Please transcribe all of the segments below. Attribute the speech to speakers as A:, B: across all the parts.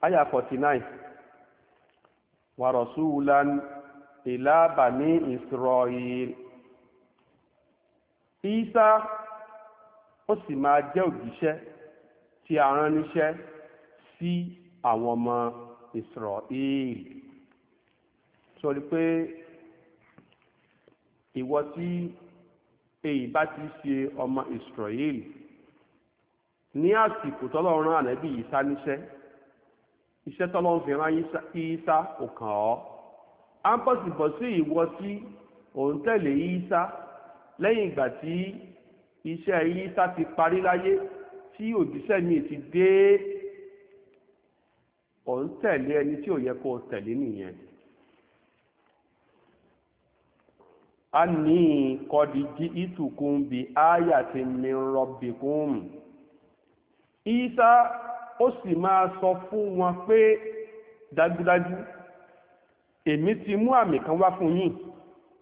A: aya 49 wa rasulan ila bani israel isa ó sì máa jẹ́ òjíṣẹ́ tí a rán níṣẹ́ sí àwọn ọmọ israel sọrí pé ìwọ tí èyí bá ti ṣe ọmọ israel ní àsìkò tọ́lọ́run ànábì yìí sá níṣẹ́ iṣẹ́ tọ́lọ́run fi rán ìsá kò kàn ọ́ à ń bọ̀sibọ̀ sí ìwọ tí òun tẹ̀lé ìsá lẹ́yìn ìgbà tí iṣẹ́ ìsá ti parí láyé tí òjíṣẹ́ mi ti dé òun tẹ̀lé ẹni tí ò yẹ kó tẹ̀lé nìyẹn. a ní kọ́dí jí ìtùkùn bí áyà ti mi rọ̀bì kún. ìsá ó sì máa sọ fún wọn pé dájúdájú èmi ti mú àmì kan wá fún yín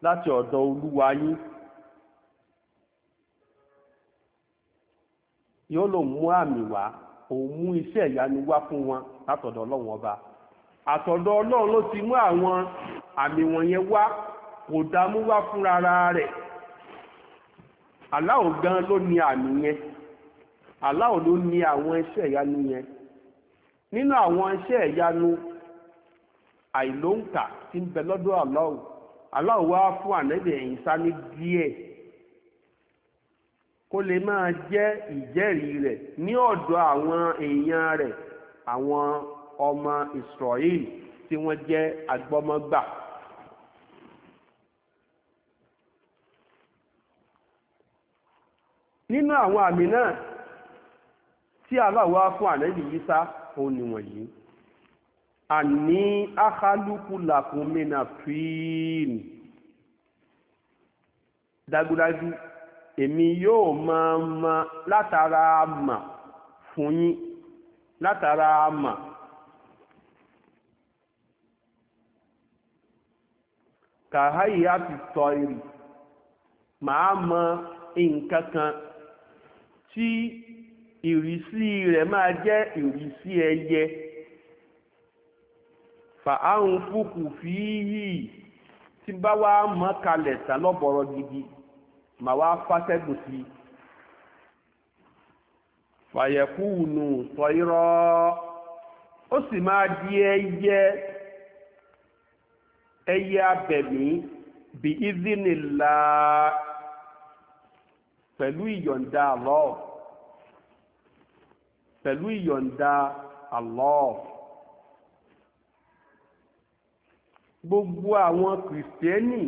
A: láti ọ̀dọ̀ olúwa yín yóò lò mú àmì wá òun mú iṣẹ́ ìyanu wá fún wọn látọ̀dọ̀ ọlọ́run ọba àtọ̀dọ̀ ọlọ́run ló ti mú àwọn àmì wọ̀nyẹn wá kò dààmú wá fúnra rẹ̀ aláwo gan ló ní àmì yẹn Allah ló ní àwọn iṣẹ́ ìyanu yẹn nínú àwọn iṣẹ́ ìyanu àìlóǹkà tí ń bẹ lọ́dọ̀ Allah Allah wá fún ànábì Ìsá ní díẹ̀ kó lè máa jẹ́ ìjẹ́rìí rẹ̀ ní ọ̀dọ̀ àwọn èèyàn rẹ̀ àwọn ọmọ Israel tí wọ́n jẹ́ agbọ́mọgbà. nínú àwọn àmì náà tí aláwọ̀ á fún ànẹ́bì yísá òun nìwọ̀nyí àní áhálùkùlàkùn mìnà fíìn dágúdájú èmi yóò máa ma látara àmà fún yín látara àmà kàháyì á ti sọ èrì màá mọ nǹkan kan tí ìrísí rẹ̀ máa jẹ́ ìrísí ẹyẹ fà áhùn fúkù fi yìí tí bá wá mọ́ kalẹ̀ tà lọ́bọ̀rọ̀ gidi mà wá fàtẹ́gùn sí nù sọ irọ́ ó sì máa di ẹyẹ ẹyẹ abẹ̀mí bí ìdínilá pẹ̀lú ìyọ̀ǹda Allah pẹ̀lú ìyọ̀ǹda Allah gbogbo àwọn kìrìsìtẹ́nì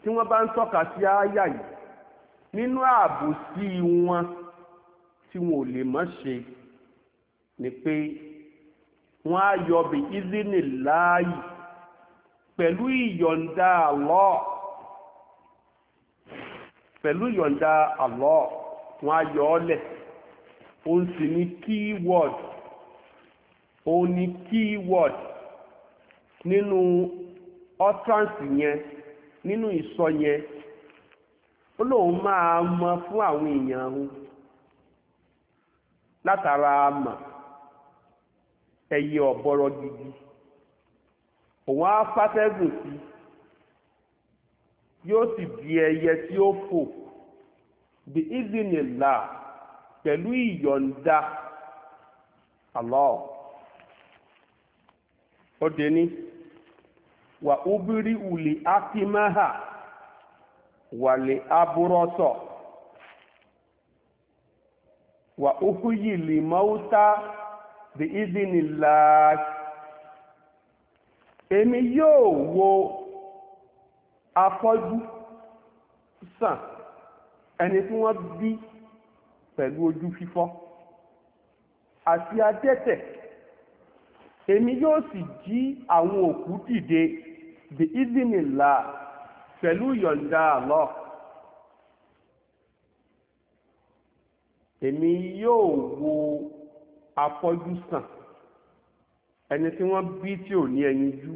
A: tí wọ́n bá ń tọ́ka sí ááyà yìí nínú ààbòsí wọn tí wọn ò lè mọ́ ṣe ni pé wọ́n á yọ bí ìzínì láàyè pẹ̀lú ìyọ̀ǹda Allah pẹ̀lú ìyọ̀ǹda Allah wọ́n á yọ ọ́ lẹ̀. òun sì ni keyword òun ni keyword nínú utterance yẹn nínú ìsọ yẹn ó lóun máa mọ fún àwọn èèyàn òun látara àmà ẹyẹ ọ̀bọ̀rọ̀ gidi òun á sí yóò sì di ẹyẹ tí ó fò the evening la. pẹ̀lú ìyọ̀ǹda Allah ó dé ní wà ubiri uli akimaha wàlè aburọ́sọ̀ wà uhuyi lè mọ́útá bí ìdínilá èmi yóò wo afọ́jú sàn ẹni tí wọ́n bí pẹ̀lú ojú fífọ́ àti adẹ́tẹ̀ èmi yóò sì jí àwọn òkú dìde bí ìdínìlá pẹ̀lú yọ̀ǹda àlọ́ èmi yóò wo afọ́jú sàn ẹni tí wọ́n bí tí ò ní ẹyin jú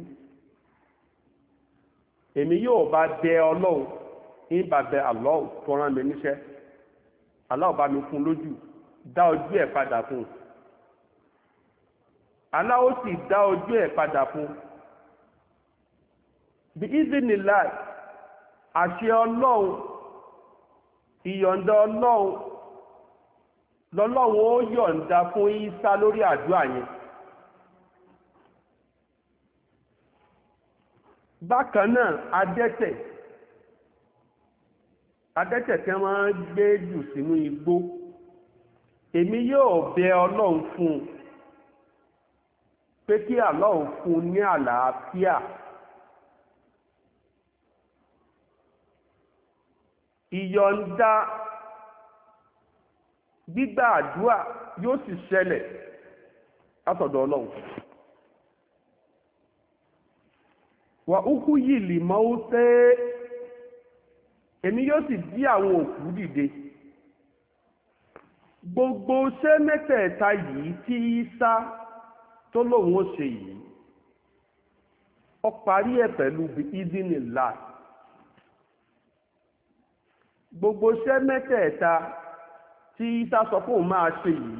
A: èmi yóò bá bẹ ọlọ́run ní bàbẹ àlọ́ tó rán mi níṣẹ́ Allah bá mi fún lójú dá ojú ẹ̀ padà fún un Allah ó sì dá ojú ẹ̀ padà fún un bí ìzínilá àṣẹ ọlọ́run ìyọ̀ǹda ọlọ́run lọ́lọ́run ó yọ̀ǹda fún Ìsá lórí àdúrà yẹn bákan náà adẹ́tẹ̀ adẹ́tẹ̀ tí wọ́n máa ń gbé jù sínú igbó èmi yóò bẹ ọlọ́run fún un pé kí àlọ́run fún un ní àlàáfíà ìyọ̀ǹda gbígbà àdúrà yóò sì ṣẹlẹ̀ látọ̀dọ̀ ọlọ́run wà úkú yìí lè mọ́ ó tẹ́ èmi yóò sì jí àwọn òkú dìde gbogbo iṣẹ́ mẹ́tẹ̀ẹ̀ta yìí tí Ìsá tó lòun ó ṣe yìí ó parí ẹ̀ pẹ̀lú ìdínìlá gbogbo iṣẹ́ mẹ́tẹ̀ẹ̀ta tí Ìsá sọ pé òun máa ṣe yìí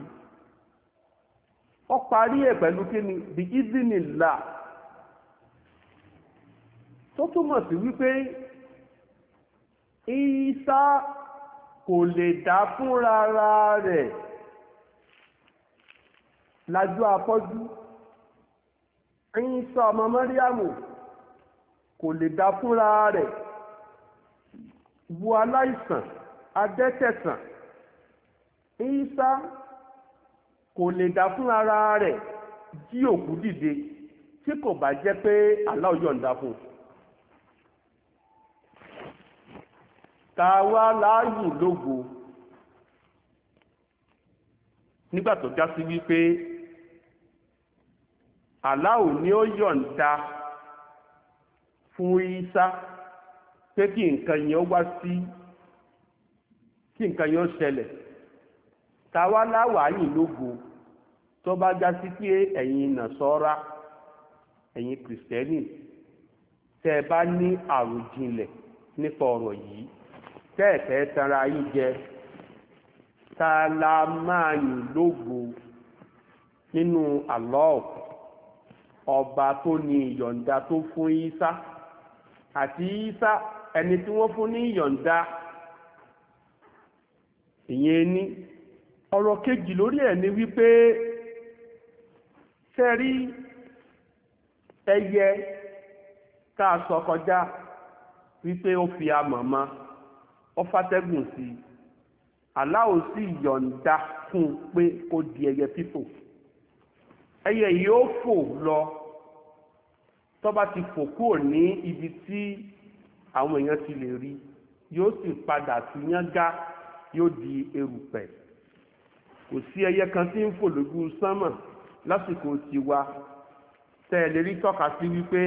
A: ó parí ẹ̀ pẹ̀lú kíni bí ìdínìlá tó túmọ̀ sí wípé ìsá kò lè dá fúnra rẹ̀ lájú afọ́jú ìsá ọmọ mọ́ríàmù kò lè dá fúnra rẹ̀ wo aláìsàn adẹ́tẹ̀sàn ìsá kò lè dá fúnra rẹ̀ jí òkú dìde tí kò bá jẹ́ pé Allah yọ̀ǹda fún un. ta wá láàyò lógo nígbà tó já sí wípé aláwo ni ó yọ̀ǹda fún isa pé kí nǹkan yẹn wá sí kí nǹkan yẹn ṣẹlẹ̀ ta wá láwàáyì lógo tó bá já sí pé ẹ̀yin nàṣọ́ra ẹ̀yin kìrìsìtẹ́nì tẹ́ ẹ bá ní àròjinlẹ̀ nípa ọ̀rọ̀ yìí tẹ́ẹ̀fẹ́ tara yín ta la máa yìn lógo nínú Allah ọba tó ní ìyọ̀nda tó fún Ìsá àti Ìsá ẹni tí wọ́n fún ní ìyọ̀nda ìyẹn ni ọ̀rọ̀ kejì lórí ẹ̀ ni wípé sẹ́rí ẹyẹ tá a sọ kọjá wípé ó fi amọ̀ mọ́. ọfàtẹ́gùn sí i aláwo sì yọ̀ǹda fún un pé kó di ẹyẹ fífò ẹyẹ yìí ó fò lọ tó bá ti fò kúrò ní ibi tí àwọn èèyàn ti lè rí yóò sì padà sí yángá yóò di erùpẹ̀ kò sí ẹyẹ kan tí ń fò lójú sánmà lásìkò tiwa tẹ́ ẹ lè rí tọ́ka sí wípé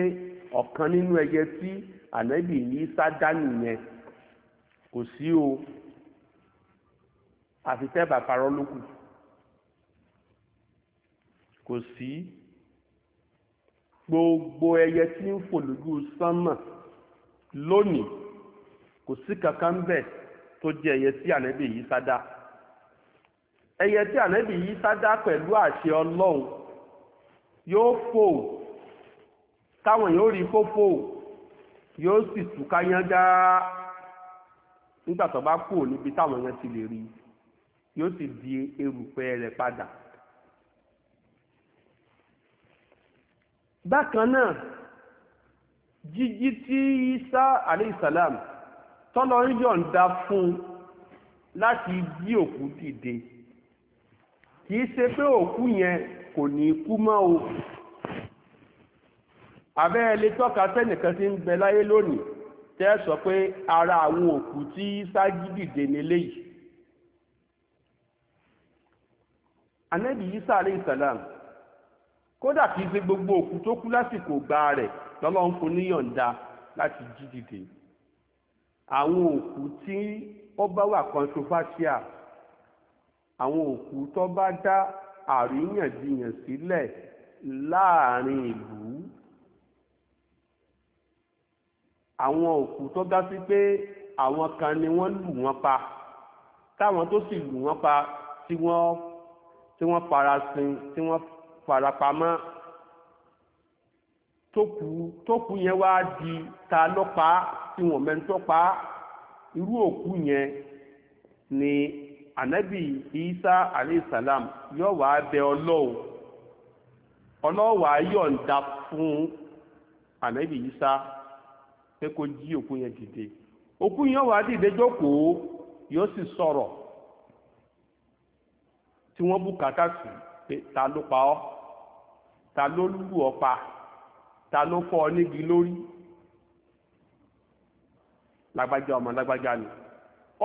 A: ọ̀kan nínú ẹyẹ tí ànábì yìí sá dá nìyẹn kò sí o àfi tẹ́ bá parọ́ lókù kò sí gbogbo ẹyẹ tí ń fò lójú sánmà lónìí kò sí kankan bẹ̀ tó jẹ́ ẹyẹ tí ànábì yìí sádá ẹyẹ tí ànábì yìí sádá pẹ̀lú àṣẹ ọlọ́run yóò fò táwọn yóò rí fófò yóò sì túká yángá nígbà tó bá kúrò níbi táwọn èèyàn ti lè rí yóò sì di erùpẹ̀ rẹ̀ padà. bákan náà jíjí tí isa aleyhisalaam tọ́lọ́ ń yọ̀ǹda fún un láti jí òkú dìde kìí ṣe pé òkú yẹn kò ní kú mọ́ o abẹ́ ẹ lè tọ́ka sẹ́nìkan tí ń bẹ láyé lónìí tẹ́ sọ pé ara àwọn òkú tí ságídì dè nílé yìí anẹ́bí Isa alayhi salam kódà kì í ṣe gbogbo òkú tó kú lásìkò gba rẹ̀ lọ́lọ́run fún níyọ̀ǹda láti jí dìde àwọn òkú tí ó bá wà controversial àwọn òkú tó bá dá àríyànjiyàn sílẹ̀ láàrin ìlú àwọn òkú tó dá sí pé àwọn kan ni wọ́n lù wọ́n pa táwọn tó sì lù wọ́n pa tí wọ́n tí wọ́n parasin tí wọ́n farapamọ́ tókù tókù yẹn wá di ta ló pa tí wọ́n mẹ́ńtọ́ pa irú òkú yẹn ni ànábì Isa aleyhisalaam yóò wá bẹ ọlọ́wọ́ ọlọ́wọ́ á yọ̀ǹda fún anabi Isa pé kó jí òkú yẹn dìde òkú yẹn wàá dìde jókòó yóò sì sọ̀rọ̀ tí wọ́n bùkátà sí pé ta ló pa ọ́ ta ló lù ọ́ pa ta ló fọ́ ọ nígi lórí lágbájá ọmọ lágbájá ni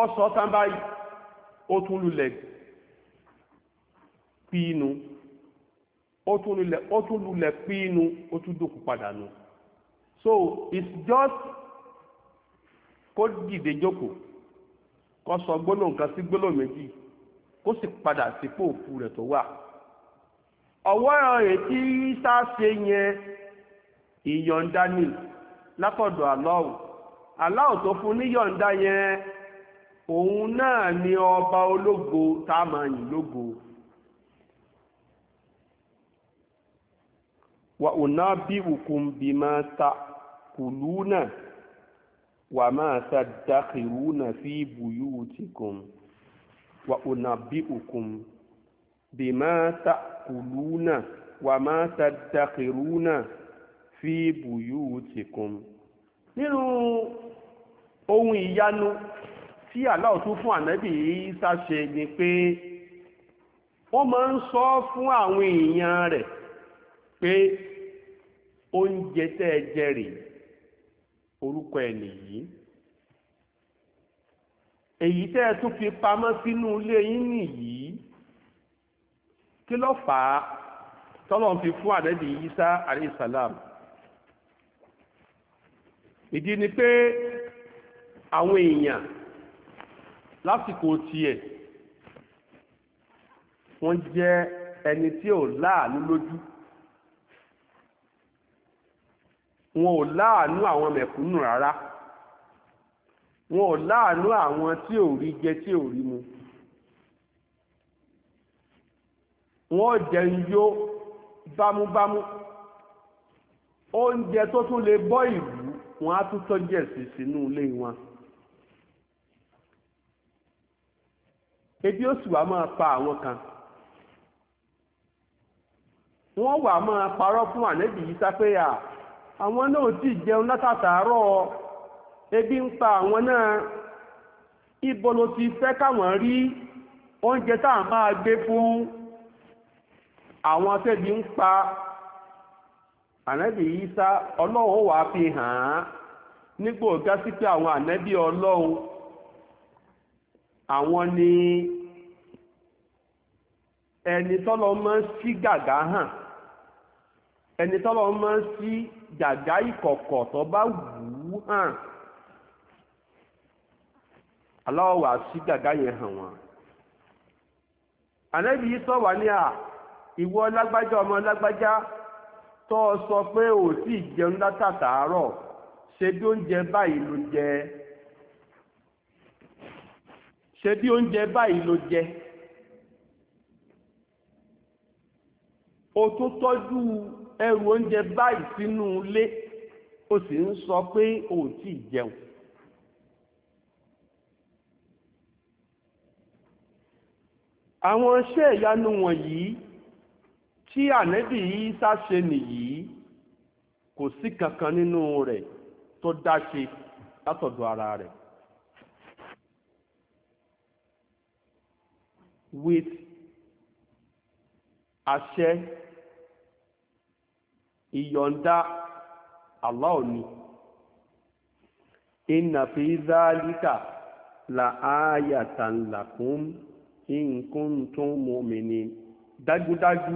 A: ọ sọ tán báyìí ó tún lulẹ̀ pínu ó tún lulẹ̀ pínu ó tún dòkú padà nù. No so it's just kó dìde jókòó kó sọ gbólóhùn kan sí gbólóhùn méjì kó sì padà sípò òfu rẹ̀ tó wà ọwọ́ ẹ̀ tí sá ṣe yẹn ìyọ̀ǹda ni látọ̀dọ̀ aláwọ̀ aláwọ̀ tó fún níyọ̀ǹda yẹn òun náà ni ọba ológo tá a máa yìn lógo wa una bi ukum bima ta tàkùlúnà wà máa tàdákìrúnà fi buyutikum wa unabbi'ukum bima tàkùlúnà wà máa tàdákìrúnà fi buyutikum. nínú ohun ìyanu tí Allah tún fún ànábì Ìsá ṣe ni pé wọ́n máa ń sọ fún àwọn èèyàn rẹ̀ pé oúnjẹ tẹ́ ẹ jẹ rèé orúkọ ẹ̀ nìyí èyí tẹ́ ẹ tún fi pamọ́ sínú ilé yín nìyí kí ló fà á tọ́lọ̀ ń fi fún àdẹ́bì Isa alayhisalam ìdí ni pé àwọn èèyàn lásìkò tiẹ̀ wọ́n jẹ́ ẹni tí ò láàánú lójú wọn ò láàánú àwọn mẹ̀kúnnù rárá wọn ò láàánú àwọn tí ò rí jẹ tí ò rí mu wọn jẹun yó bámúbámú oúnjẹ tó tún lè bọ́ ìlú wọn á tún tọ́jú ẹ̀sìn sínú ilé wọn. ebi ó sì wá máa pa àwọn kan Wọn wà máa parọ́ fún ànẹ́bí yìí sápẹ́yà. àwọn náà tí jẹun látàtàárọ̀ ebi ń pa àwọn náà ibo ló ti fẹ́ káwọn rí oúnjẹ tá máa gbé fún àwọn tẹ́bi ń pa ànábì Ìsá ọlọ́run wà fi hàn án nígbò ga pé àwọn ànábì ọlọ́run àwọn ni ẹni tọ́lọ́ máa ń sí gàgá hàn ẹni tọ́lọ́ máa ń sí gàgá ìkọ̀kọ̀ tó bá wù ú hàn aláwọ̀ wà sí gàgá yẹn hàn wọ́n. ànábì yìí sọ wà ní à ìwọ lágbájá ọmọ lágbájá tó o sọ pé o tí ì jẹun àárọ̀ ṣe bí oúnjẹ báyìí ló jẹ ṣe bí oúnjẹ báyìí ló jẹ. o tó tọ́jú ẹrù oúnjẹ báyìí sínú ilé ó sì ń sọ pé ò tí ì jẹun àwọn iṣẹ́ ìyanu wọ̀nyí tí ànẹ́bì yìí sáṣe nìyí kò sí kankan nínú rẹ̀ tó dáṣe látọ̀dọ̀ ara rẹ̀ with àṣẹ ìyọ̀ǹda Allah ni inna fi dhalika la ayatan lakum in kuntum mu'minin dájúdájú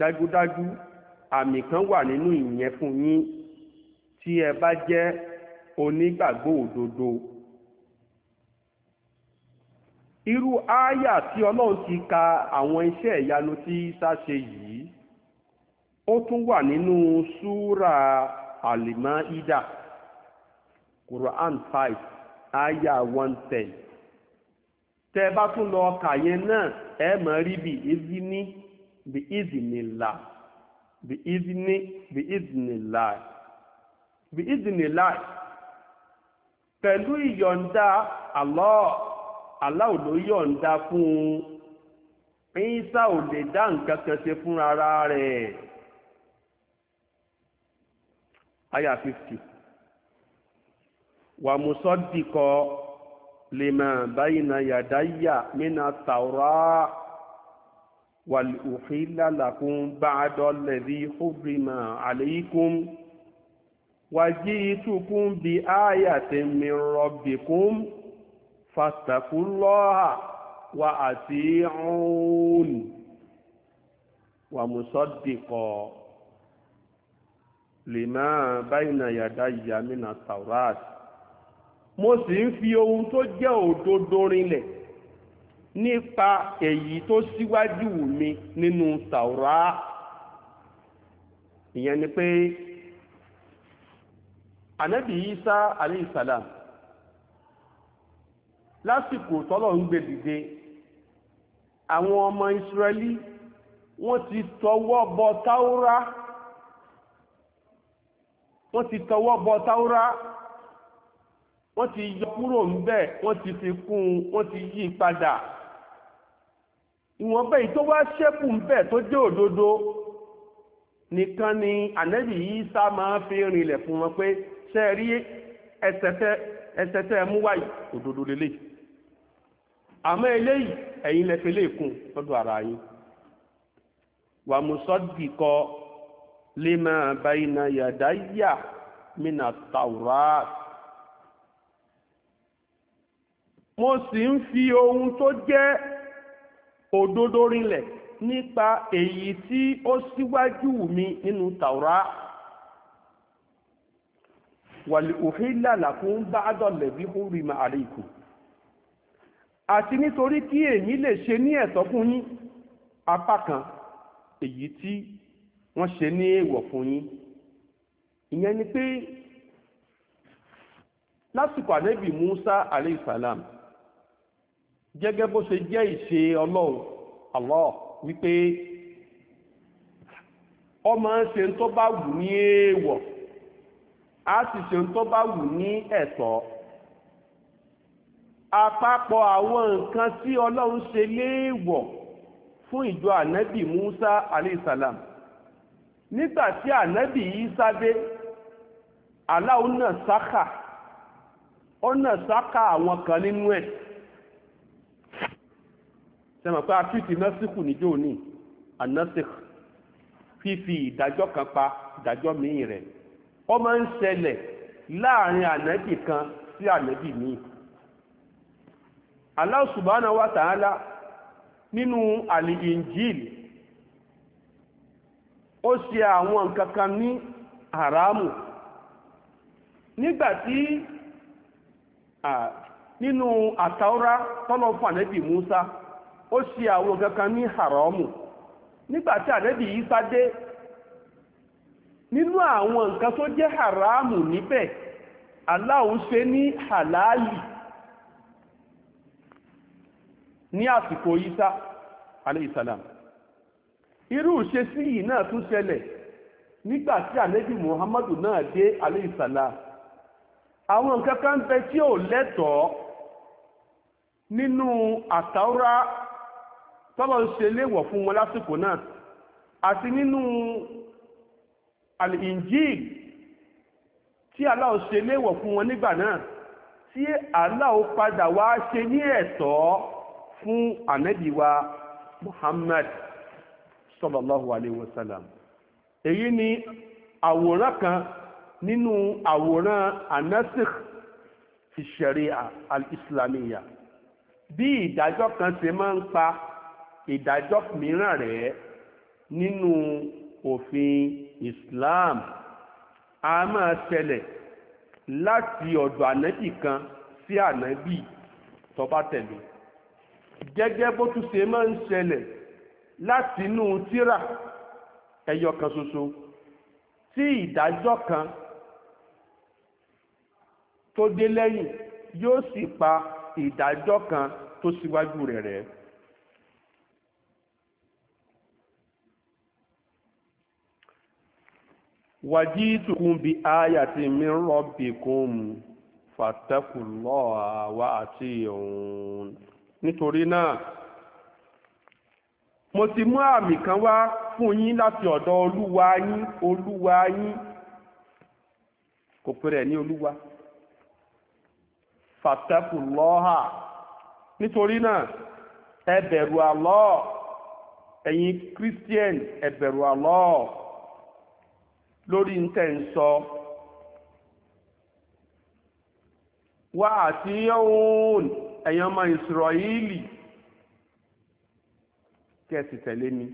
A: dájúdájú àmì kan wà nínú ìyẹn fún yín tí ẹ bá jẹ́ onígbàgbọ́ òdodo. irú ááyà tí ọlọ́run ti ka àwọn iṣẹ́ ìyanu tí Ísá ṣe yìí ó tún wà nínú súra Al-Maida Quran five ááyà one ten tẹ bá tún lọ kà yẹn náà ẹ Allah ò ló yọ̀ǹda fún un Ìsá ò lè dá nǹkan kan ṣe fún ara rẹ̀ aya 50 wà musaddiqo lima bayna yadayya mina tawra wal uhilla lakum ba'da alladhi hurrima alaykum wa ji'tukum bi ayatin min rabbikum fàtàkùnlọ́hà wà àti ọ̀hún wà mùsọ́dìkọ̀ lèmọ́ báyìí yàdá ìyàmínà taurat mo sì ń fi ohun tó jẹ́ òdodo rinlẹ̀ nípa èyí tó síwájú mi nínú taurat ìyẹn ni pé anabi isa alayhi salam lásìkò tọ́lọ̀ ń gbé dìde àwọn ọmọ Israẹli wọ́n ti tọwọ́ bọ táúrá wọ́n ti tọwọ́ bọ táúrá wọ́n ti yọ kúrò ńbẹ̀ wọ́n ti fi kún wọ́n ti yí padà ìwọ̀nbẹ̀ yìí tó wá ṣẹ́kù ńbẹ̀ tó jẹ́ òdodo nìkan ni ànẹ́bì yìí sá máa fi rinlẹ̀ fún wọn pé ṣe rí ẹsẹ̀ tẹ́ ẹmú wáyé òdodo lélẹ́yìí àmọ́ eléyìí ẹ̀yin lẹ fi léèkún lọ́dọ̀ ara yín wà mùsọ́dì kọ lima bayna yadayya mina taura mo sì ń fi ohun tó jẹ́ òdodo rinlẹ̀ nípa èyí tí ó síwájú mi nínú taurat wàlúùhílà làkún bá dọ̀lẹ̀ bí hùrìmà àríkù àti nítorí kí èyí lè ṣe ní ẹ̀tọ́ fún yín apá kan èyí tí wọ́n ṣe ní èèwọ̀ fún yín ìyẹn ni pé lásìkò ànábì Musa aleyhisalam gẹ́gẹ́ bó ṣe jẹ́ ìṣe ọlọ́run Allah wípé ọmọ ń ṣe tó bá wù ní èèwọ̀ a sì ṣe tó bá wù ní ẹ̀tọ́ àpapọ̀ àwọn nǹkan tí ọlọ́run ṣe léèwọ̀ fún ìjọ ànábì Musa aleyhisalam nígbà tí ànábì Isa dé aláwo náà sáka ó náà sáka àwọn kan nínú ẹ̀ sẹ́mọ̀ pé afíìtì násìkù níjó ní anásìkù fífi ìdájọ́ kan pa ìdájọ́ míì rẹ̀ ó máa ń ṣẹlẹ̀ láàrin ànábì kan sí ànábì míì Allah subhanahu wa ta'ala nínú al ó ṣe àwọn nǹkan kan ní haramu nígbàtí nínú àtàúrá tọ́lọ̀ fún ànẹ́bì Musa ó ṣe àwọn nǹkan kan ní haramu nígbàtí ànẹ́bì Isa dé nínú àwọn nǹkan tó jẹ́ haramu níbẹ̀ Allah ṣe ní halali ní àsìkò Ìsá aleyhisalam irú ìṣesí yìí náà tún ṣẹlẹ̀ nígbà tí àlejò Muhammadu náà dé aleyhisalam àwọn nǹkan kan bẹ tí ò lẹ́tọ̀ọ́ nínú àtàwọ́rá tọ́lọ̀ ń ṣe léwọ̀ fún wọn lásìkò náà àti nínú al tí aláwọ̀ ṣe léwọ̀ fún wọn nígbà náà tí aláwọ̀ padà wá ṣe ní ẹ̀tọ́ fún ànábì Muhammad sallallahu alaihi wasallam. sallam èyí ni àwòrán kan nínú àwòrán anasikh fi sharia al-islamiyya bí ìdájọ́ kan ṣe máa ń pa ìdájọ́ mìíràn rẹ̀ nínú òfin Islam a máa ṣẹlẹ̀ láti ọ̀dọ̀ ànábì kan sí ànábì tó bá tẹ̀lé gẹ́gẹ́ bó tún ṣe máa ń ṣẹlẹ̀ látinú tírà ẹyọ kan ṣoṣo tí ìdájọ́ kan tó dé lẹ́yìn yóò sì pa ìdájọ́ kan tó síwájú rẹ̀ rẹ̀. wàjítukùn bí ayàtì mi rọ̀bìkùn fàtẹ́kùlọ́ọ̀ àwa àti òun. nítorí náà mo ti mú àmì kan wá fún yín láti ọ̀dọ̀ olúwa yín olúwa yín kò pèrè ní olúwa fàtẹ́kù lọ́hà nítorí náà ẹ bẹ̀rù ẹ̀yin christian ẹ bẹ̀rù lórí ń tẹ̀ ń sọ wá àti ẹ̀yin ọmọ ìsìrọ̀yìlì kẹ́sì tẹ̀lé mi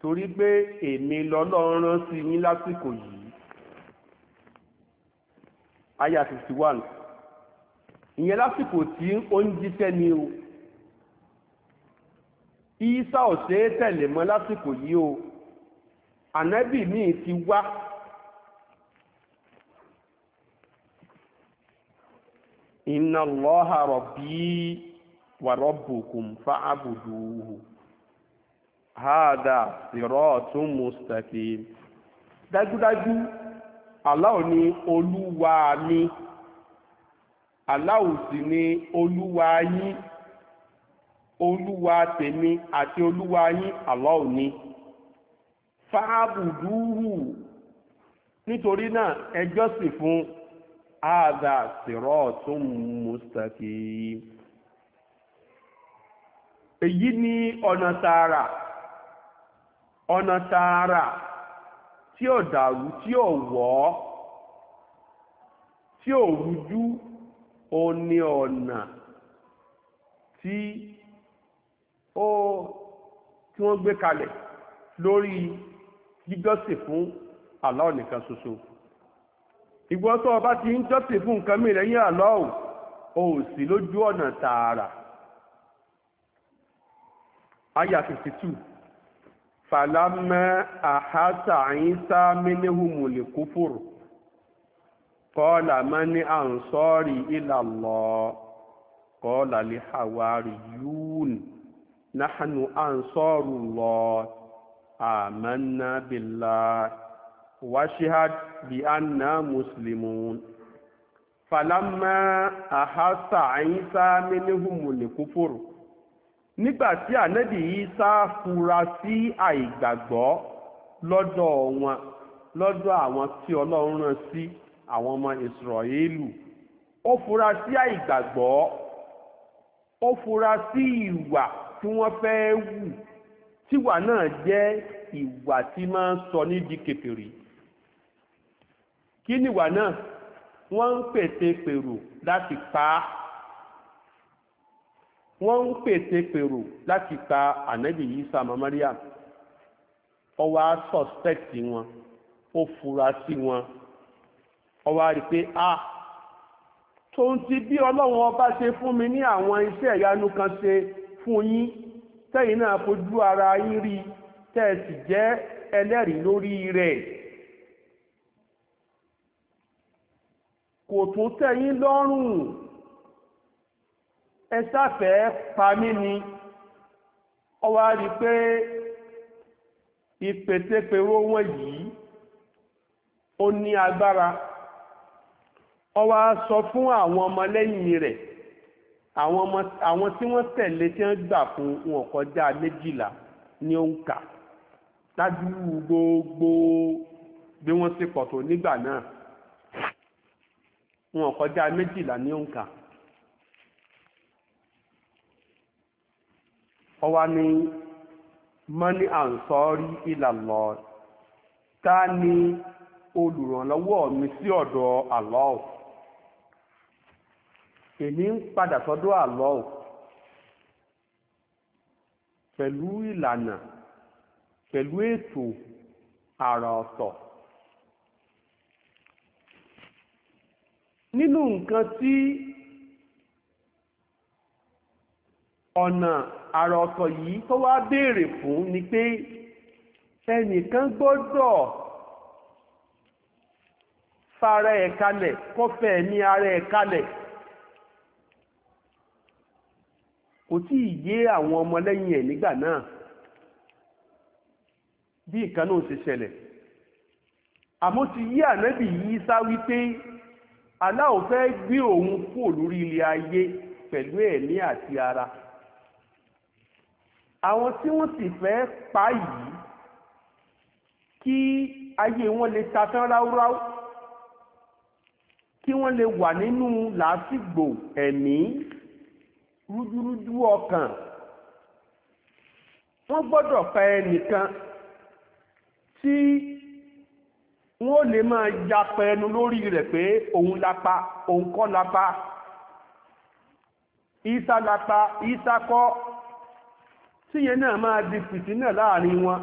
A: torí pé èmi lọ́lọ́run rán sí yín lásìkò yìí aya fifty one ìyẹn lásìkò tí ó ń jíṣẹ́ ni o ìsà ò tẹ̀lé mọ́ lásìkò yìí o ànábì míì ti wá inna allaha rabbi wa rabbukum fa'buduhu hada siratun mustaqim ha Allah ni olúwa mi Allah sì ni olúwa yín oluwa temi àti oluwa yín Allah ni fa'buduhu nítorí náà na jọ́sìn fun àdà siratun mustaqim èyí ni ọ̀nà tààrà ọ̀nà tààrà tí ò dàrú tí ò wọ́ tí ò rújú ó ní ọ̀nà tí ó tí wọ́n gbé kalẹ̀ lórí gígọ́sì fún Allah nìkan ṣoṣo ìwọ tó ọba ti ń jọ́sìn fún nǹkan mìíràn yín àlọ́ọ̀ o ò sí lójú ọ̀nà tààrà aya 52 falamma ahasa isa minhumul kufur qala mani ansari ila Allah qala li hawariyun nahnu ansarullah amanna billah washihad bi anna muslimun falamma ahasa isa minhumul kufur nígbà tí ànábì isa fura sí àìgbàgbọ́ lọ́dọ̀ wọn lọ́dọ̀ àwọn tí Ọlọ́run rán sí àwọn ọmọ Ísírẹ́lù ó fura sí àìgbàgbọ́ ó fura sí ìwà tí wọ́n fẹ́ wù tíwà náà jẹ́ ìwà tí máa ń sọ ní di kí nìwà náà wọ́n ń peru pèrò pa á wọ́n ń pète pèrò láti pa ànábì wọn ó fura sí wọn rí a tó ti bí ọlọ́run ọba ṣe fún mi ní àwọn iṣẹ́ ìyanu kan ṣe fún yín tẹ́yìn náà fojú ara yín rí tẹ́ sì jẹ́ ẹlẹ́rìí lórí rẹ̀ kò tún tẹ́yìn lọ́rùn ẹ sáfẹ́ pa mí ni ọ wá rí pé ìpètèpèrò wọn yìí ó ní agbára ọ wá sọ fún àwọn ọmọlẹ́yìn rẹ̀ àwọn tí wọ́n tẹ̀lé tí wọ́n gbà fún wọn kọjá méjìlá ni ó ń kà dájú gbogbo bí wọ́n ṣe pọ̀ tó nígbà náà wọn kọjá méjìlá ní òǹkà ọwá ní mọ́ní àǹsọ́rí ìlàlọ́ ta ni olùrànlọ́wọ́ mi sí ọ̀dọ̀ àlọ́ èmi ń padà sọ́dọ̀ àlọ́ pẹ̀lú ìlànà pẹ̀lú ètò àrà ọ̀tọ̀ nínú nǹkan tí ọ̀nà àrà ọ̀tọ̀ yìí tó wá béèrè fún ni pé ẹnìkan gbọ́dọ̀ fara ẹ̀ kalẹ̀ kọfẹ́ ní ara ẹ̀ kalẹ̀ kò tí yé àwọn ọmọlẹ́yìn ẹ̀ nígbà náà bí ìkan ṣe ṣẹlẹ̀ àmọ́ ti yé ànábì yìí sá wípé aláwo fẹ́ gbé òun kúrò lórí ilé ayé pẹ̀lú ẹ̀mí àti ara àwọn tí wọ́n sì fẹ́ pa yìí kí ayé wọn lè ta fẹ́ ráúráú kí wọ́n lè wà nínú làásìgbò ẹ̀mí rúdurùdu ọkàn wọ́n gbọ́dọ̀ pa ẹnìkan tí wọ́n lè máa yapa ẹnu lórí rẹ̀ pé òun lapa òun kọ́ lapa isa lapa isa kọ́ tíyẹn náà máa di fìtínà láàrin wọn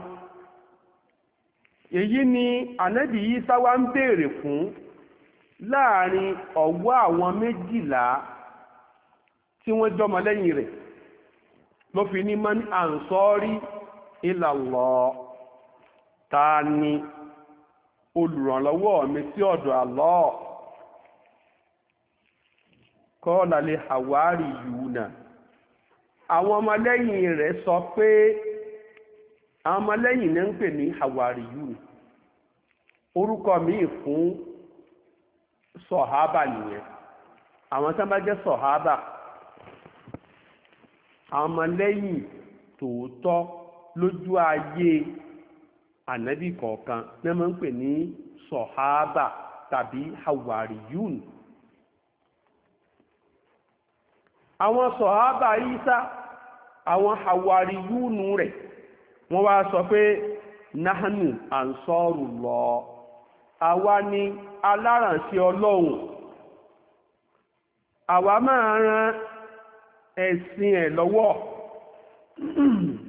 A: èyí ni ànábì isa wá ń béèrè fún láàrin ọ̀wọ́ àwọn méjìlá tí wọ́n jọmọ lẹ́yìn rẹ̀ ló fi ní mọ́ ní ansori ilallah ta ni. olùrànlọ́wọ́ mi sí ọ̀dọ̀ Allah kọ́ọ̀lá lè hàwárì yùúnà àwọn ọmọlẹ́yìn rẹ̀ sọ pé àwọn ọmọlẹ́yìn ní ń pè ní hàwárì yùúnà orúkọ míì fún sọ̀hábà nìyẹn àwọn bá jẹ́ sọ̀hábà àwọn ọmọlẹ́yìn tòótọ́ lójú ayé ànábì kọ̀ọ̀kan náà máa ń pè ní sọ̀háábà tàbí hawariyun àwọn sọ̀háábà Ìsá àwọn hawariyun rẹ̀ wọ́n wá sọ pé nahanu ansorullah àwa ni aláràǹṣẹ́ ọlọ́run àwa máa ran ẹ̀sìn ẹ̀ lọ́wọ́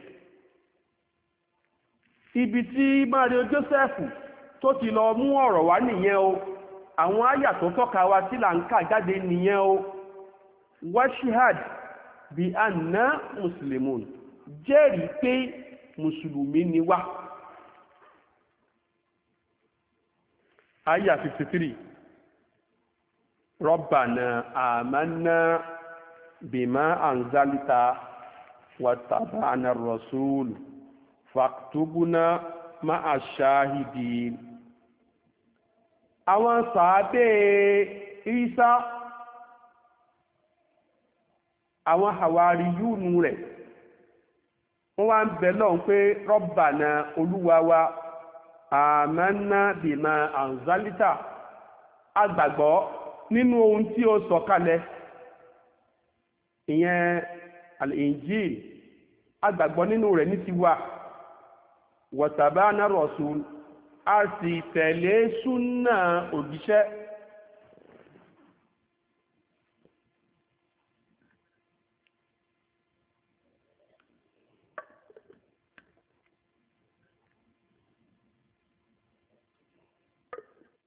A: ibi tí Mario Joseph tó ti lọ mú ọ̀rọ̀ wá nìyẹn o àwọn àyà tó tọ́ka wa sí là ń kà jáde nìyẹn o washihad bi anna muslimun jẹ́rìí pé mùsùlùmí ni wá. àyà fifty three rọ́bànà àmánà bímá anzalita wàtàbánà rọ̀ṣúlù. fàktúbúná má a ṣáhìdì àwọn sàábẹ́ ìsá àwọn àwárí yúùnù rẹ̀ wọ́n wá ń bẹ̀ lọ́hùn pé rọ́bànà olúwa wa àmánà bìmọ̀ àǹzálítà agbàgbọ́ nínú ohun tí ó sọ kalẹ̀ ìyẹn al agbàgbọ́ nínú rẹ̀ ní tiwa wọ̀tàbánà rọ̀sùn a sì tẹ̀lé súnà òjíṣẹ́